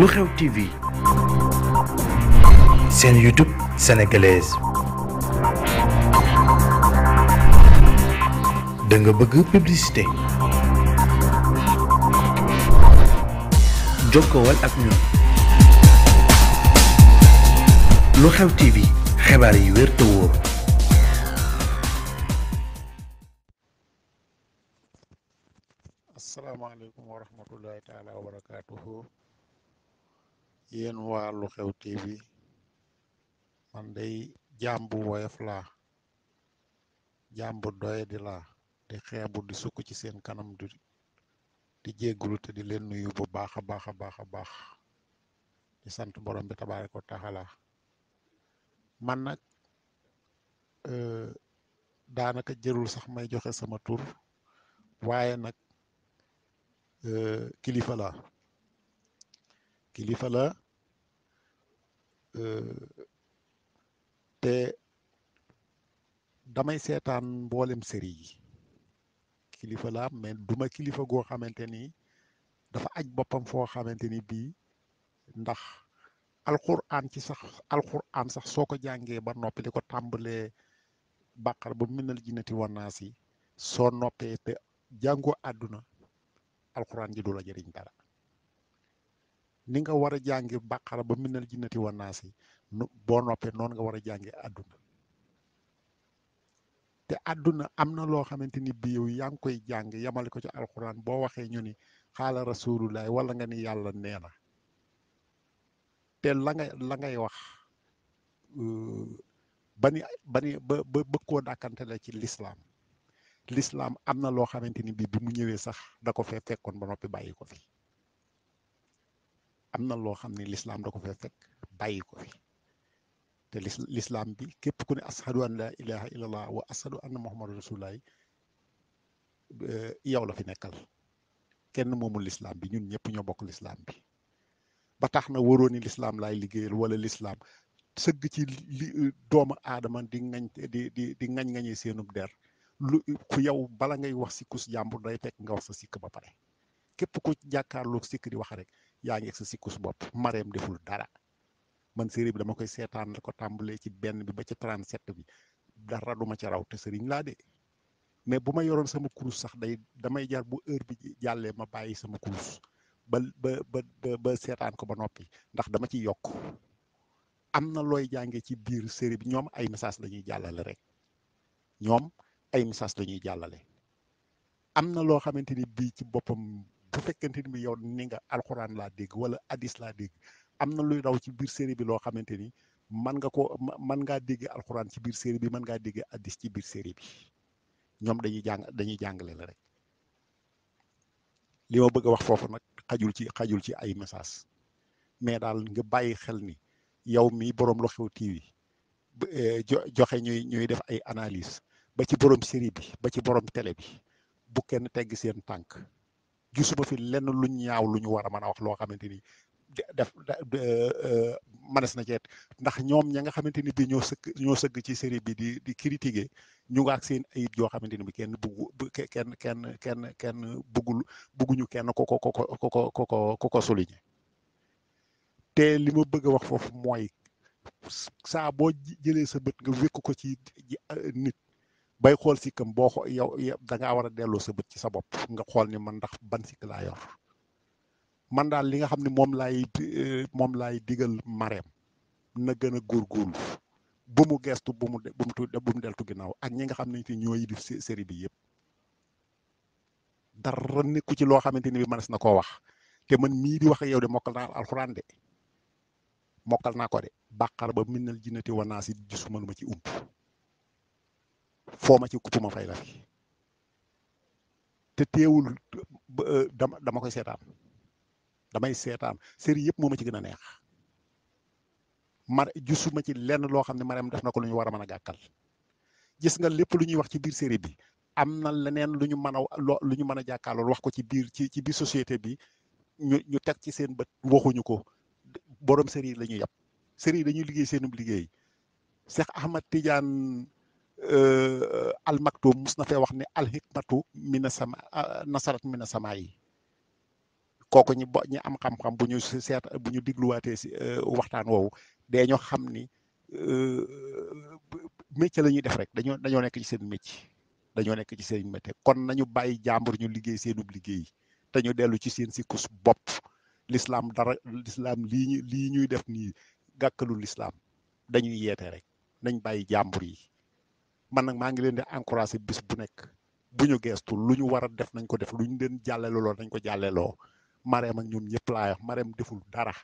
lu xew TV seen YouTube sénégalaise da bëgg publicité jokkowal ak ñun lu TV xibaar yi wér te wóor. asalaamaaleykum wa rahmatullahi taala wa barakaatuhu. yéen waa Lu Xew TV man day jaam bu woyof laa jaam bu doye di di xeebu di sukk ci seen kanam di di jéggulu te di leen nuyu bu baax a baax a baax a baax di sant borom bi tabaaraka wa taala man nag euh, daanaka jërul sax may joxe sama tur waaye nag euh, kilifa la kilifa la te damay seetaan mboolem série yi kilifa laa mais duma kilifa goo xamante ni dafa aj boppam foo xamante ni bii ndax alquran ci sax alquran sax soo ko jàngee ba noppi ko tàmbalee bàqar ba minal jinnati wannaas yi soo noppee te jàngoo àdduna alquran ji du la jëriñ dara ni nga war a jàngi bàqara ba minal jinnati wa naas yi boo noppee noonu nga war a jàngi àdduna te àdduna am na loo xamante ni bi yow yaa ngi koy jàng yamale ko ci alxuraan boo waxee ñu ni xaala rasulullah wala nga ni yàlla nee na te la nga la ngay wax euh, ba ni ba ni ba dàkkante la ci lislaam lislaam am na loo xamante ni bii bi mu ñëwee sax da ko fee fekkoon ba noppi bàyyi ko fi am na loo xam ne lislaam da ko fee fekk bàyyi ko fi te lislaam bi képp ku ne ashadu an la ilaha illallah wa ashadu anna muhammadu rasulullah eh, yow la fi nekkal kenn moomu lislaam bi ñun ñëpp ñoo bokk lislaam bi ba tax na waroon ni lislaam laay liggéeyal wala lislaam sëgg ci li doomu aadama di ngañ di di di ngañ-ngañee seenub der lu ku yow bala ngay wax si jàmbur day fekk nga wax sa sikk ba pare képp ku jàkkaarloo sikk di wax rek yaa ngi egg sa sikkus bopp mareem deful dara man série bi dama koy seetaan la ko tàmbalee ci benn bi ba ci 37 bi dara duma ci raw te sëriñ laa de mais bu ma yoroon sama kurus sax day damay jar bu heure bi jàllee ma bàyyi sama kurus ba ba ba ba seetaan ko ba noppi ndax dama ci yokk am na looy jàngee ci biir série bi ñoom ay message la ñuy jàllale rek ñoom ay message lañuy ñuy jàllale am na loo xamante ni bii ci boppam bu fekkente ni bi yow ni nga alxuraan laa dégg wala hadis laa dégg am na luy daw ci biir série bi loo xamante ni man nga ko man ngaa dégg alxuraan ci biir série bi mën ngaa déggee hadis ci biir série bi ñoom dañuy jàng dañuy jàngale la rek li ma bëgg a wax foofu nag xajul ci xajul ci ay message mais daal nga bàyyi xel ni yow mi borom Lu Xew TV eh, joxe ñuy ñuy def ay analyse ba ci borom série bi ba ci borom télé bi bu kenn tegg seen tànk gisuma fi lenn lu ñaaw lu ñu war a mën a wax loo xamante ni def euh, manes na jeet ndax ñoom ña nga xamante ni bi ñoo sëkk ñoo sëgg ci série bi di di critiquer ñu nga ak seen ayit yoo xamante ni bi kenn buggu kenn kenn kenn kenn buggul bugguñu kenn ko ko ko ko ko ko te li ma bëgg a wax foofu mooy saa boo jëlee sa bët nga wékk ko ci nit bay xool sikkam boo xoo yow da ngaa war a delloo sa bët ci sa bopp nga xool ni man ndax ban sikk laa yor man daal li nga xam ne moom laay eh, moom laay digal mareem na gën a góorgóorlu bu mu gestu bu mu bu mu bu mu deltu ginnaaw ak ñi nga xam ne ñoo yilif série bi yëpp dara nekku ci loo xamante ni bi mënees na koo wax te man mii di wax yow de mokkal naa alxuraan de naa ko de bàqar ba minnal jinnati wanaasi gisuma lu ma ci ump foo ma ci kupp ma fay la fi te teewul euh, dama dama koy seetaan damay seetaan série yëpp moo ma ci gën a neex mar gisuma ci lenn loo xam ne Marème def na ko lu ñu war a mën a gàkkal gis nga lépp lu ñuy wax ci biir série bi am na leneen lu ñu mën a lu ñu mën a jàkkaarlool wax ko ci biir ci ci biir société bi ñu ñu teg ci seen bët waxuñu ko boroom série la ñuy yàpp série dañuy liggéey seenum liggéey Cheikh Ahmad Tidiane al maktum mus na fee wax ne al hikmatu mina sama nasarat mina sama yi kooku ñi ñi am xam-xam bu ñu seet bu ñu digluwaatee si euh, waxtaan woowu dee ñoo xam ni euh, métier la ñuy def rek dañoo dañoo nekk ci seen métier dañoo nekk ci seen métier kon nañu bàyyi jàmbur ñu liggéey seenub liggéey te ñu dellu ci seen sikkus bopp lislaam dara lislaam lii lii ñuy def nii gàkkalu lislaam dañuy yeete rek nañ bàyyi jàmbur yi man nag maa ngi leen di encouragé bis bu nekk bu ñu geestu lu ñu war def nañ ko def lu ñu leen jàllale loo nañ ko jàlleeloo loo mag ak ñoom ñëpp laa wax Marème deful dara